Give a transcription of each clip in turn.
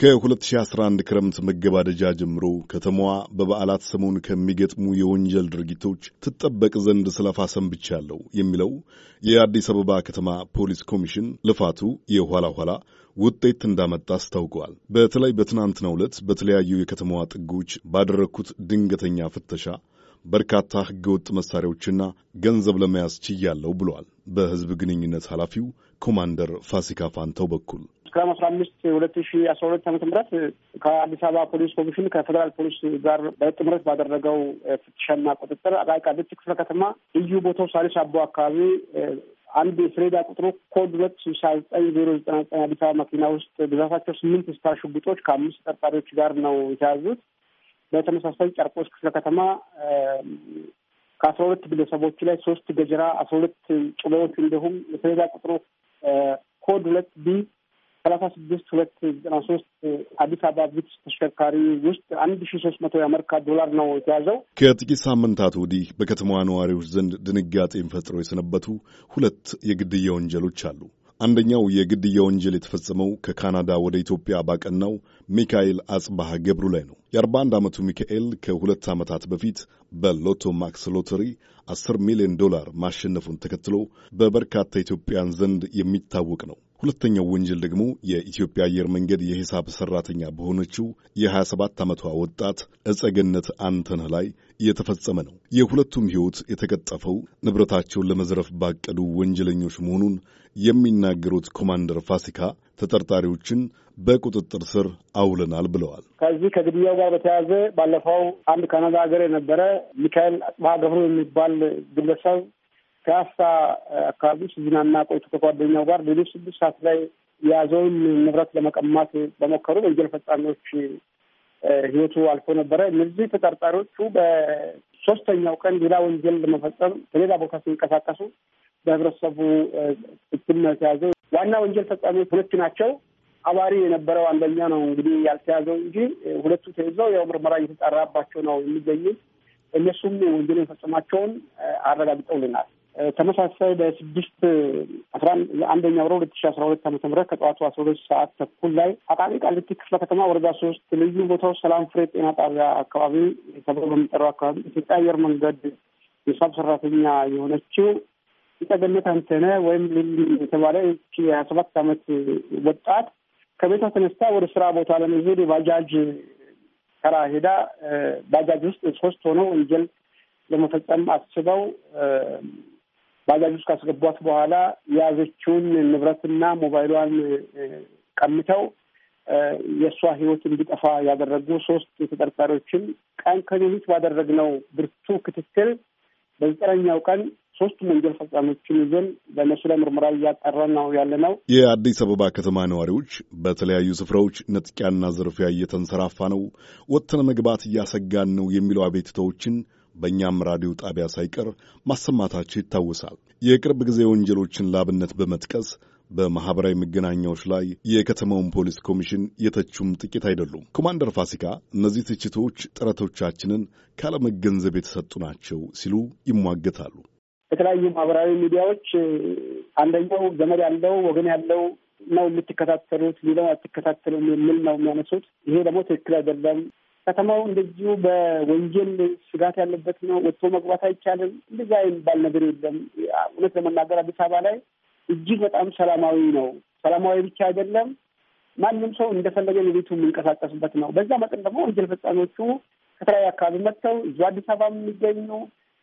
ከ2011 ክረምት መገባደጃ ጀምሮ ከተማዋ በበዓላት ሰሞን ከሚገጥሙ የወንጀል ድርጊቶች ትጠበቅ ዘንድ ስለፋ ሰንብቻለሁ የሚለው የአዲስ አበባ ከተማ ፖሊስ ኮሚሽን ልፋቱ የኋላ ኋላ ውጤት እንዳመጣ አስታውቀዋል። በተለይ በትናንትናው ዕለት በተለያዩ የከተማዋ ጥጎች ባደረግኩት ድንገተኛ ፍተሻ በርካታ ህገወጥ መሳሪያዎችና ገንዘብ ለመያዝ ችያለው ብሏል በህዝብ ግንኙነት ኃላፊው ኮማንደር ፋሲካ ፋንተው በኩል መስከረም አስራ አምስት ሁለት ሺ አስራ ሁለት ዓመተ ምህረት ከአዲስ አበባ ፖሊስ ኮሚሽን ከፌዴራል ፖሊስ ጋር በጥምረት ባደረገው ፍትሻና ቁጥጥር አቃቂ ቃሊቲ ክፍለ ከተማ ልዩ ቦታው ሳሪስ አቦ አካባቢ አንድ የፍሬዳ ቁጥሩ ኮድ ሁለት ስልሳ ዘጠኝ ዜሮ ዘጠና ዘጠኝ አዲስ አበባ መኪና ውስጥ ብዛታቸው ስምንት ስታር ሽጉጦች ከአምስት ተጠርጣሪዎች ጋር ነው የተያዙት። በተመሳሳይ ጨርቆስ ክፍለ ከተማ ከአስራ ሁለት ግለሰቦች ላይ ሶስት ገጀራ፣ አስራ ሁለት ጩቤዎች እንዲሁም የሰሌዳ ቁጥሩ ኮድ ሁለት ቢ ሰላሳ ስድስት ሁለት ዘጠና ሶስት አዲስ አበባ ቪትስ ተሽከርካሪ ውስጥ አንድ ሺ ሶስት መቶ የአሜሪካ ዶላር ነው የተያዘው። ከጥቂት ሳምንታት ወዲህ በከተማዋ ነዋሪዎች ዘንድ ድንጋጤን ፈጥሮ የሰነበቱ ሁለት የግድያ ወንጀሎች አሉ። አንደኛው የግድያ ወንጀል የተፈጸመው ከካናዳ ወደ ኢትዮጵያ ባቀናው ሚካኤል አጽባሃ ገብሩ ላይ ነው። የ41 ዓመቱ ሚካኤል ከሁለት ዓመታት በፊት በሎቶ ማክስ ሎተሪ 10 ሚሊዮን ዶላር ማሸነፉን ተከትሎ በበርካታ ኢትዮጵያን ዘንድ የሚታወቅ ነው። ሁለተኛው ወንጀል ደግሞ የኢትዮጵያ አየር መንገድ የሂሳብ ሰራተኛ በሆነችው የ27 ዓመቷ ወጣት እጸገነት አንተነህ ላይ እየተፈጸመ ነው። የሁለቱም ሕይወት የተቀጠፈው ንብረታቸውን ለመዝረፍ ባቀዱ ወንጀለኞች መሆኑን የሚናገሩት ኮማንደር ፋሲካ ተጠርጣሪዎችን በቁጥጥር ስር አውለናል ብለዋል። ከዚህ ከግድያው ጋር በተያያዘ ባለፈው አንድ ካናዳ ሀገር የነበረ ሚካኤል አጽባ ገብሩ የሚባል ግለሰብ ፒያሳ አካባቢ ውስጥ ዝናና ቆይቶ ከጓደኛው ጋር ሌሎች ስድስት ሰዓት ላይ የያዘውን ንብረት ለመቀማት በሞከሩ ወንጀል ፈጻሚዎች ህይወቱ አልፎ ነበረ። እነዚህ ተጠርጣሪዎቹ በሶስተኛው ቀን ሌላ ወንጀል ለመፈጸም በሌላ ቦታ ሲንቀሳቀሱ በህብረተሰቡ እትም ተያዘው። ዋና ወንጀል ፈጻሚዎች ሁለቱ ናቸው። አባሪ የነበረው አንደኛ ነው እንግዲህ ያልተያዘው እንጂ ሁለቱ ተይዘው ያው ምርመራ እየተጣራባቸው ነው የሚገኙ። እነሱም ወንጀል የፈጸማቸውን አረጋግጠውልናል። ተመሳሳይ በስድስት አስራ አንደኛ ወረ ሁለት ሺ አስራ ሁለት ዓመተ ምህረት ከጠዋቱ አስራ ሁለት ሰዓት ተኩል ላይ አቃቂ ቃሊቲ ክፍለ ከተማ ወረዳ ሶስት ልዩ ቦታው ሰላም ፍሬ ጤና ጣቢያ አካባቢ ተብሎ በሚጠራው አካባቢ ኢትዮጵያ አየር መንገድ ሂሳብ ሰራተኛ የሆነችው ጌጣገነት አንተነ ወይም የተባለ የሀያ ሰባት ዓመት ወጣት ከቤቷ ተነስታ ወደ ስራ ቦታ ለመሄድ የባጃጅ ተራ ሄዳ ባጃጅ ውስጥ ሶስት ሆነው ወንጀል ለመፈጸም አስበው ባጃጅ ውስጥ ካስገቧት በኋላ የያዘችውን ንብረትና ሞባይሏን ቀምተው የእሷ ህይወት እንዲጠፋ ያደረጉ ሶስት ተጠርጣሪዎችን ቀን ከሌሊት ባደረግነው ብርቱ ክትትል በዘጠነኛው ቀን ሶስት ወንጀል ፈጻሚዎችን ይዘን በእነሱ ላይ ምርመራ እያጠራን ነው ያለ ነው። የአዲስ አበባ ከተማ ነዋሪዎች በተለያዩ ስፍራዎች ንጥቂያና ዝርፊያ እየተንሰራፋ ነው፣ ወጥተን መግባት እያሰጋን ነው የሚለው አቤቱታዎችን በእኛም ራዲዮ ጣቢያ ሳይቀር ማሰማታቸው ይታወሳል። የቅርብ ጊዜ ወንጀሎችን ላብነት በመጥቀስ በማኅበራዊ መገናኛዎች ላይ የከተማውን ፖሊስ ኮሚሽን የተቹም ጥቂት አይደሉም። ኮማንደር ፋሲካ እነዚህ ትችቶች ጥረቶቻችንን ካለመገንዘብ የተሰጡ ናቸው ሲሉ ይሟገታሉ። የተለያዩ ማህበራዊ ሚዲያዎች አንደኛው ዘመድ ያለው ወገን ያለው ነው የምትከታተሉት፣ ሌላው አትከታተሉም የሚል ነው የሚያነሱት። ይሄ ደግሞ ትክክል አይደለም። ከተማው እንደዚሁ በወንጀል ስጋት ያለበት ነው። ወጥቶ መግባት አይቻልም። እንደዛ የሚባል ነገር የለም። እውነት ለመናገር አዲስ አበባ ላይ እጅግ በጣም ሰላማዊ ነው። ሰላማዊ ብቻ አይደለም፣ ማንም ሰው እንደፈለገ በቤቱ የሚንቀሳቀስበት ነው። በዛ መጠን ደግሞ ወንጀል ፈጻሚዎቹ ከተለያዩ አካባቢ መጥተው እዙ አዲስ አበባ የሚገኙ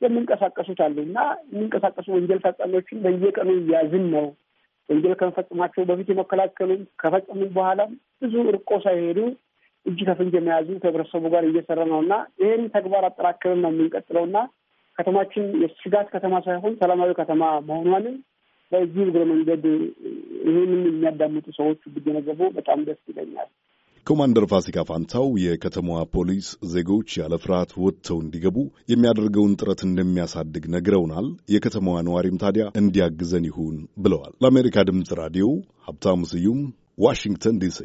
የሚንቀሳቀሱት አሉ እና የሚንቀሳቀሱ ወንጀል ፈጻሚዎችን በየቀኑ እያዝን ነው። ወንጀል ከመፈጸማቸው በፊት የመከላከሉም ከፈጸሙ በኋላም ብዙ እርቆ ሳይሄዱ እጅ ከፍንጅ የመያዙ ከህብረተሰቡ ጋር እየሰራ ነው እና ይህን ተግባር አጠራክረን ነው የምንቀጥለው እና ከተማችን የስጋት ከተማ ሳይሆን ሰላማዊ ከተማ መሆኗንም በዚህ እግረ መንገድ ይህንን የሚያዳምጡ ሰዎች ብገነዘቡ በጣም ደስ ይለኛል። ኮማንደር ፋሲካ ፋንታው የከተማዋ ፖሊስ ዜጎች ያለ ፍርሃት ወጥተው እንዲገቡ የሚያደርገውን ጥረት እንደሚያሳድግ ነግረውናል። የከተማዋ ነዋሪም ታዲያ እንዲያግዘን ይሁን ብለዋል። ለአሜሪካ ድምፅ ራዲዮ ሀብታሙ ስዩም ዋሽንግተን ዲሲ